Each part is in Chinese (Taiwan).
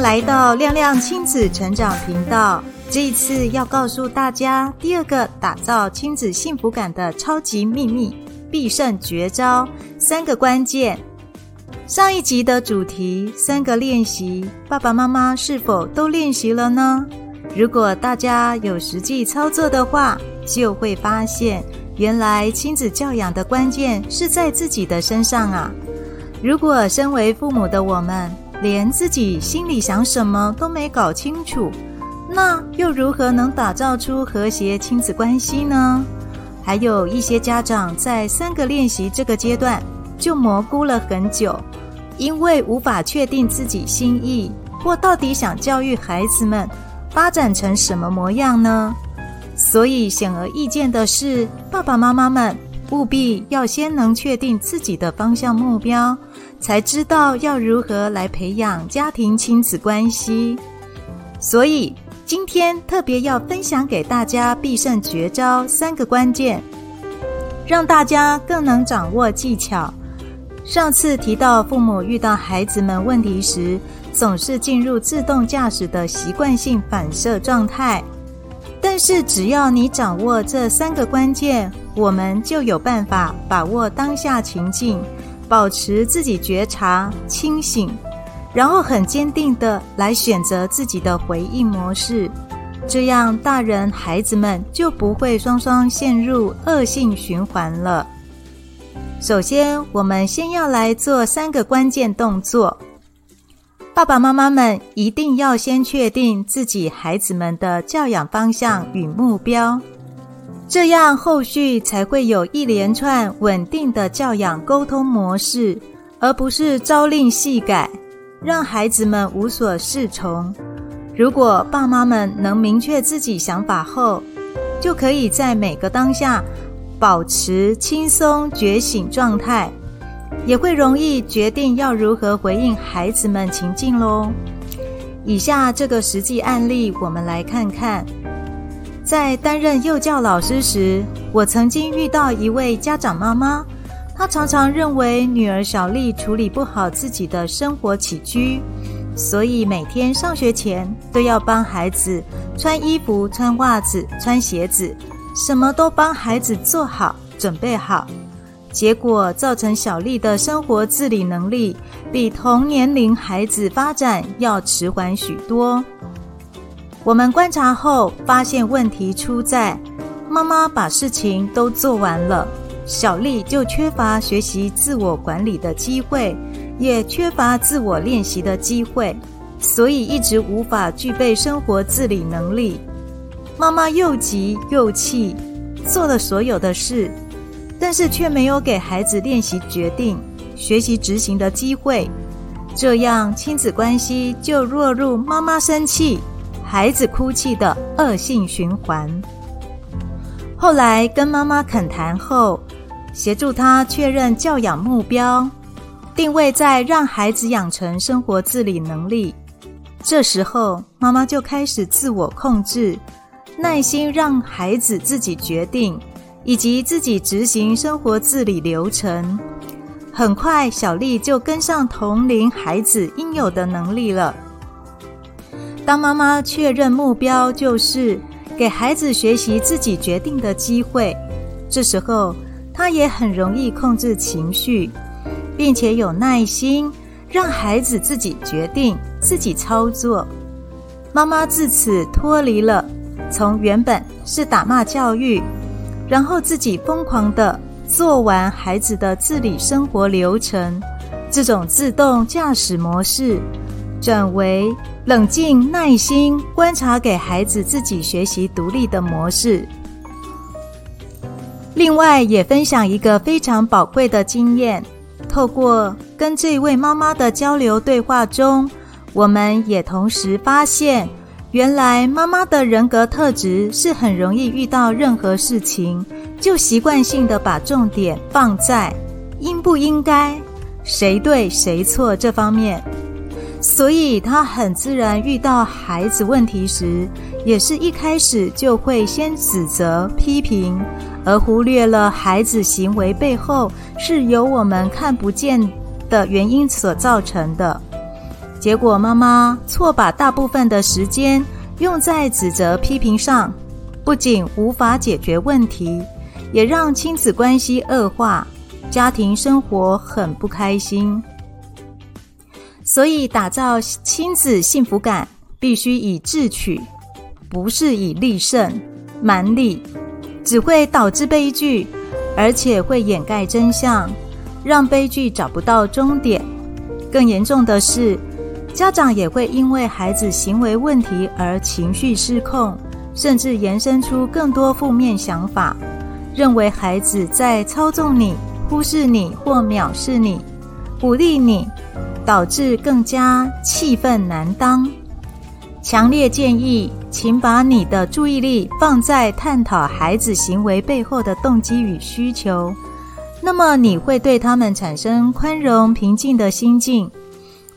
來到亮亮親子成長頻道，這一次要告訴大家第二個打造親子幸福感的超級祕密、必勝絕招，三個關鍵。上一集的主題三個練習，爸爸媽媽是否都練習了呢？如果大家有實際操作的話，就會發現原來親子教養的關鍵是在自己的身上啊。如果身為父母的我們，連自己心裡想什麼都沒搞清楚，那又如何能打造出和諧親子關係呢？還有一些家長在三個練習這個階段就蘑菇了很久，因為無法確定自己心意或到底想教育孩子們發展成什麼模樣呢？所以顯而易見的是，爸爸媽媽們。務必要先能確定自己的方向目標，才知道要如何來培養家庭親子關係。所以今天特別要分享給大家必勝絕招三個關鍵，讓大家更能掌握技巧。上次提到父母遇到孩子們問題時，總是進入自動駕駛的習慣性反射狀態，但是只要你掌握這三個關鍵。我們就有辦法把握當下情境，保持自己覺察清醒，然後很堅定地來選擇自己的回應模式，這樣大人孩子們就不會雙雙陷入惡性循環了。首先，我們先要來做三個關鍵動作，爸爸媽媽們一定要先確定自己孩子們的教養方向與目標。這樣後續才會有一連串穩定的教養溝通模式，而不是朝令夕改，讓孩子們無所適從。如果爸媽們能明確自己想法後，就可以在每個當下保持輕鬆覺醒狀態，也會容易決定要如何回應孩子們情境嘍。以下這個實際案例，我們來看看。在擔任幼教老師時，我曾經遇到一位家長媽媽，她常常認為女兒小麗處理不好自己的生活起居，所以每天上學前都要幫孩子穿衣服、穿襪子、穿鞋子，什麼都幫孩子做好、準備好，結果造成小麗的生活自理能力比同年齡孩子發展要遲緩許多。我們觀察後發現，問題出在媽媽把事情都做完了，小麗就缺乏學習自我管理的機會，也缺乏自我練習的機會，所以一直無法具備生活自理能力。媽媽又急又氣，做了所有的事，但是卻沒有給孩子練習決定、學習執行的機會，這樣親子關係就落入媽媽生氣孩子哭泣的惡性循環。後來跟媽媽懇談後，協助她確認教養目標，定位在讓孩子養成生活自理能力。這時候，媽媽就開始自我控制，耐心讓孩子自己決定，以及自己執行生活自理流程。很快，小麗就跟上同齡孩子應有的能力了。當媽媽確認目標就是給孩子學習自己決定的機會，這時候她也很容易控制情緒，並且有耐心讓孩子自己決定、自己操作。媽媽自此脫離了從原本是打罵教育，然後自己瘋狂的做完孩子的自理生活流程這種自動駕駛模式，轉為。冷靜、耐心觀察，給孩子自己學習獨立的模式。另外，也分享一個非常寶貴的經驗。透過跟這位媽媽的交流對話中，我們也同時發現，原來媽媽的人格特質是很容易遇到任何事情，就習慣性地把重點放在“應不應該、誰對誰錯”這方面。所以，他很自然遇到孩子問題時，也是一開始就會先指責、批評，而忽略了孩子行為背後是由我們看不見的原因所造成的結果。媽媽錯把大部分的時間用在指責、批評上，不僅無法解決問題，也讓親子關係惡化，家庭生活很不開心。所以，打造親子幸福感必須以智取，不是以力勝、蠻力，只會導致悲劇，而且會掩蓋真相，讓悲劇找不到終點。更嚴重的是，家長也會因為孩子行為問題而情緒失控，甚至延伸出更多負面想法，認為孩子在操縱你、忽視你或藐視你，鼓勵你。導致更加氣憤難當。強烈建議，請把你的注意力放在探討孩子行為背後的動機與需求。那麼，你會對他們產生寬容、平靜的心境，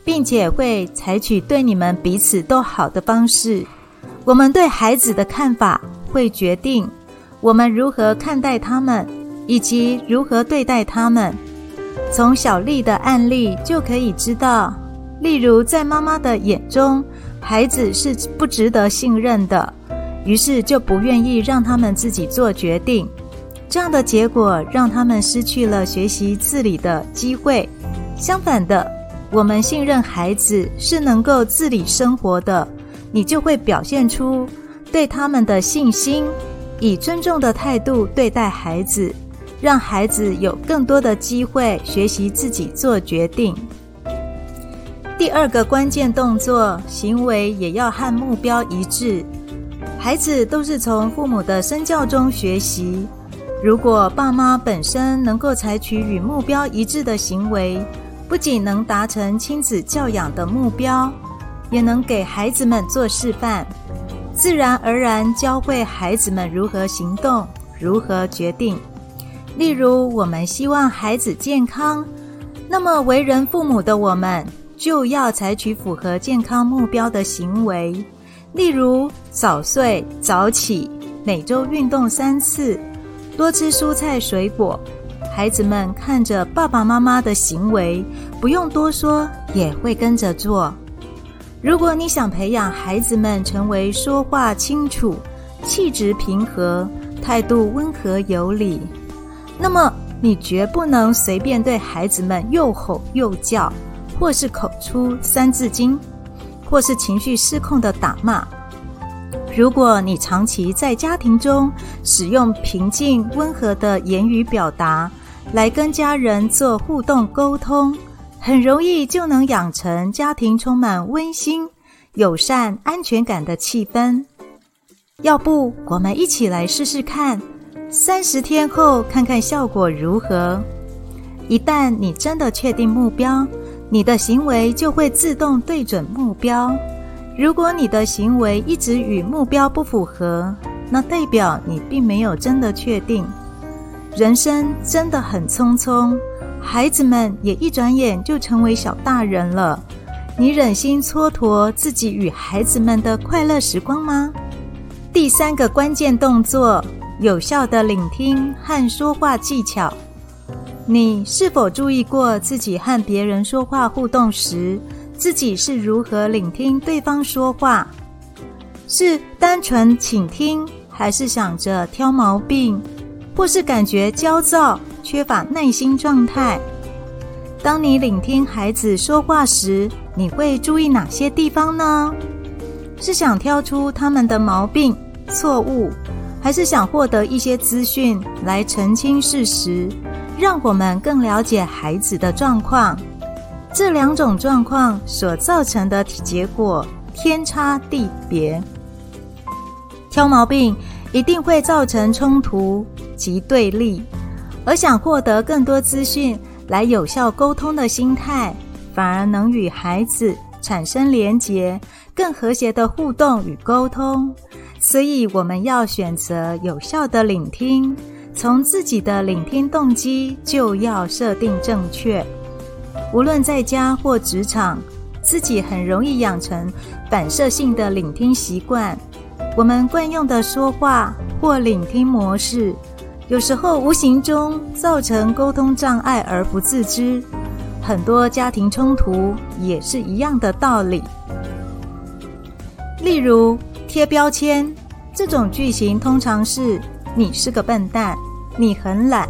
並且會採取對你們彼此都好的方式。我們對孩子的看法，會決定我們如何看待他們，以及如何對待他們。從小麗的案例就可以知道，例如在媽媽的眼中，孩子是不值得信任的，於是就不願意讓他們自己做決定。這樣的結果讓他們失去了學習自理的機會。相反的，我們信任孩子是能夠自理生活的，你就會表現出對他們的信心，以尊重的態度對待孩子。讓孩子有更多的機會學習自己做決定。第二個關鍵動作，行為也要和目標一致。孩子都是從父母的身教中學習。如果爸媽本身能夠採取與目標一致的行為，不僅能達成親子教養的目標，也能給孩子們做示範，自然而然教會孩子們如何行動，如何決定。例如，我們希望孩子健康，那麼為人父母的我們就要採取符合健康目標的行為，例如早睡早起，每週運動三次，多吃蔬菜水果。孩子們看着爸爸媽媽的行為，不用多說也會跟着做。如果你想培養孩子們成為說話清楚、氣質平和、態度溫和有禮。那麼，你絕不能隨便對孩子們又吼又叫，或是口出三字經，或是情緒失控的打罵。如果你長期在家庭中使用平靜溫和的言語表達來跟家人做互動溝通，很容易就能養成家庭充滿溫馨、友善、安全感的氣氛。要不，我們一起來試試看。三十天後看看效果如何。一旦你真的確定目標，你的行為就會自動對準目標。如果你的行為一直與目標不符合，那代表你並沒有真的確定。人生真的很匆匆，孩子們也一轉眼就成為小大人了。你忍心蹉跎自己與孩子們的快樂時光嗎？第三個關鍵動作。有效的聆聽和說話技巧。你是否注意過自己和別人說話互動時，自己是如何聆聽對方說話？是單純傾聽，還是想着挑毛病，或是感覺焦躁、缺乏耐心狀態？當你聆聽孩子說話時，你會注意哪些地方呢？是想挑出他們的毛病、錯誤？還是想獲得一些資訊來澄清事實，讓我們更了解孩子的狀況。這兩種狀況所造成的結果天差地別。挑毛病一定會造成衝突及對立，而想獲得更多資訊來有效溝通的心態，反而能與孩子產生連結，更和諧的互動與溝通。所以，我們要選擇有效的聆聽，從自己的聆聽動機就要設定正確。無論在家或職場，自己很容易養成反射性的聆聽習慣。我們慣用的說話或聆聽模式，有時候無形中造成溝通障礙而不自知。很多家庭衝突也是一樣的道理。例如。貼標籤，這種句型通常是，你是個笨蛋，你很懶，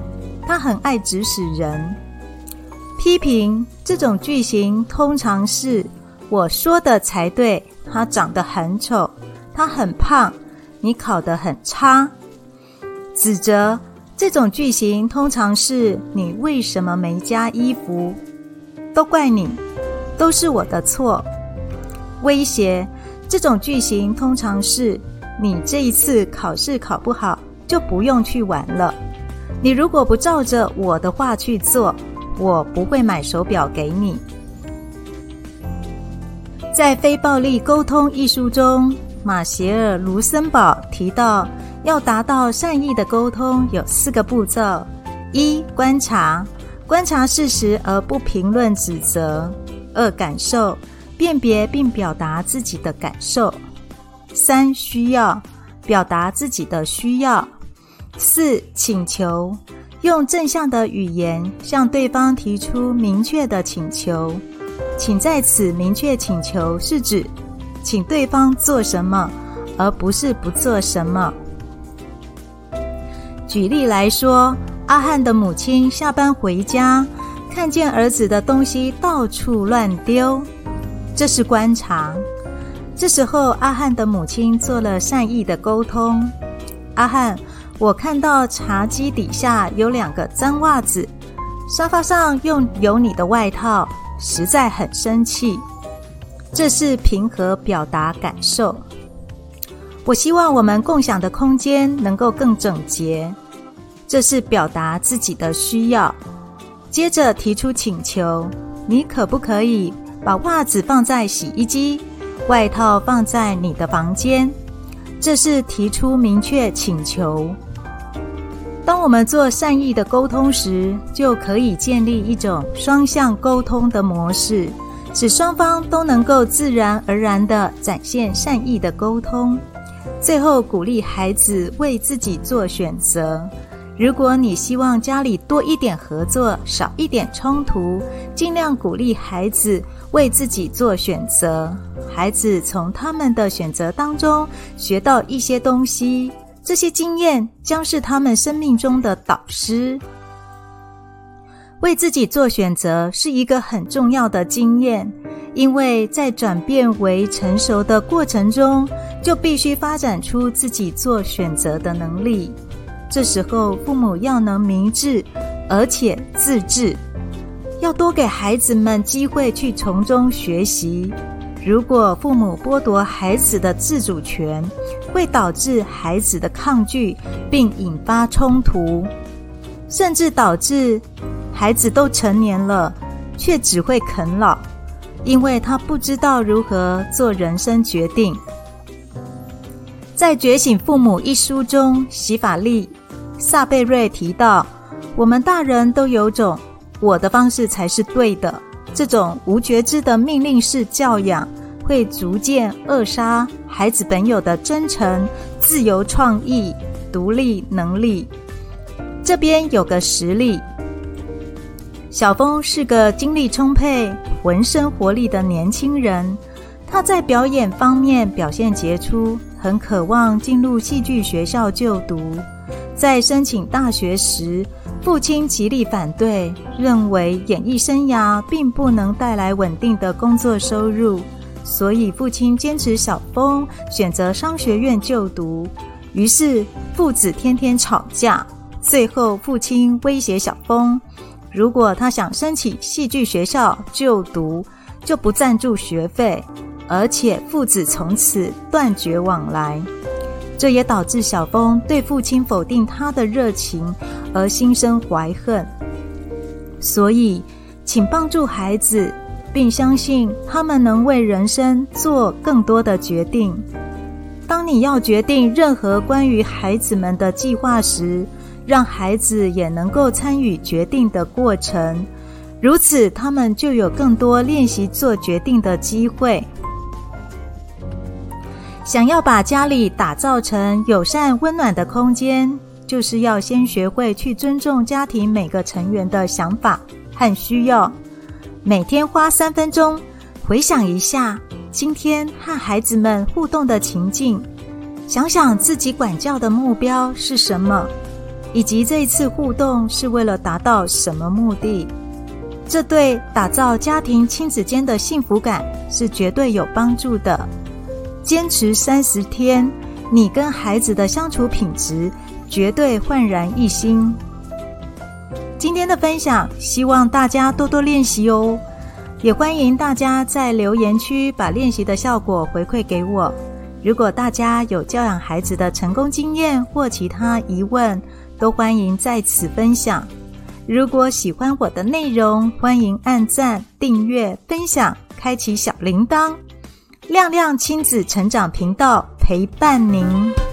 他很愛指使人。批評，這種句型通常是，我說的才對，他長得很醜，他很胖，你考得很差。指責，這種句型通常是，你為什麼沒加衣服？都怪你，都是我的錯。威脅，這種句型通常是你這一次考試考不好，就不用去玩了。你如果不照着我的話去做，我不會買手錶給你。在《非暴力溝通》一書中，馬歇爾·盧森堡提到，要達到善意的溝通，有四個步驟：一、觀察，觀察事實而不評論、指責；二、感受。辨別並表達自己的感受。三、需要、表達自己的需要。四、請求、用正向的語言向對方提出明確的請求。請在此明確請求是指，請對方做什麼，而不是不做什麼。舉例來說，阿漢的母親下班回家，看見兒子的東西到處亂丟。這是觀察。這時候，阿漢的母親做了善意的溝通：“阿漢，我看到茶几底下有兩個髒襪子，沙發上用有你的外套，實在很生氣。”這是平和表達感受。我希望我們共享的空間能夠更整潔。這是表達自己的需要，接着提出請求：“你可不可以？”把襪子放在洗衣機，外套放在你的房間。這是提出明確請求。當我們做善意的溝通時，就可以建立一種雙向溝通的模式，使雙方都能夠自然而然地展現善意的溝通。最後，鼓勵孩子為自己做選擇。如果你希望家裡多一點合作，少一點衝突，盡量鼓勵孩子為自己做選擇。孩子從他們的選擇當中學到一些東西，這些經驗將是他們生命中的導師。為自己做選擇是一個很重要的經驗，因為在轉變為成熟的過程中，就必須發展出自己做選擇的能力。這時候，父母要能明智，而且自制，要多給孩子們機會去從中學習。如果父母剝奪孩子的自主權，會導致孩子的抗拒，並引發衝突，甚至導致孩子都成年了，卻只會啃老，因為他不知道如何做人生決定。在《覺醒父母》一書中，喜法莉。薩貝瑞提到，我們大人都有種“我的方式才是對的”這種無覺知的命令式教養，會逐漸扼殺孩子本有的真誠、自由、創意、獨立能力。這邊有個實例：小峰是個精力充沛、渾身活力的年輕人，他在表演方面表現傑出，很渴望進入戲劇學校就讀。在申請大學時，父親極力反對，認為演藝生涯並不能帶來穩定的工作收入，所以父親堅持小峰選擇商學院就讀。於是父子天天吵架，最後父親威脅小峰，如果他想申請戲劇學校就讀，就不贊助學費，而且父子從此斷絕往來。這也導致小峰對父親否定他的熱情而心生懷恨。所以，請幫助孩子，並相信他們能為人生做更多的決定。當你要決定任何關於孩子們的計劃時，讓孩子也能夠參與決定的過程，如此他們就有更多練習做決定的機會。想要把家裡打造成友善溫暖的空間，就是要先學會去尊重家庭每個成員的想法和需要。每天花三分鐘回想一下今天和孩子們互動的情境，想想自己管教的目標是什麼，以及這一次互動是為了達到什麼目的。這對打造家庭親子間的幸福感是絕對有幫助的。堅持30天，你跟孩子的相處品質絕對煥然一新。今天的分享，希望大家多多練習哦。也歡迎大家在留言區把練習的效果回饋給我。如果大家有教養孩子的成功經驗或其他疑問，都歡迎在此分享。如果喜歡我的內容，歡迎按贊、訂閱、分享、開啟小鈴鐺。亮亮親子成長頻道陪伴您。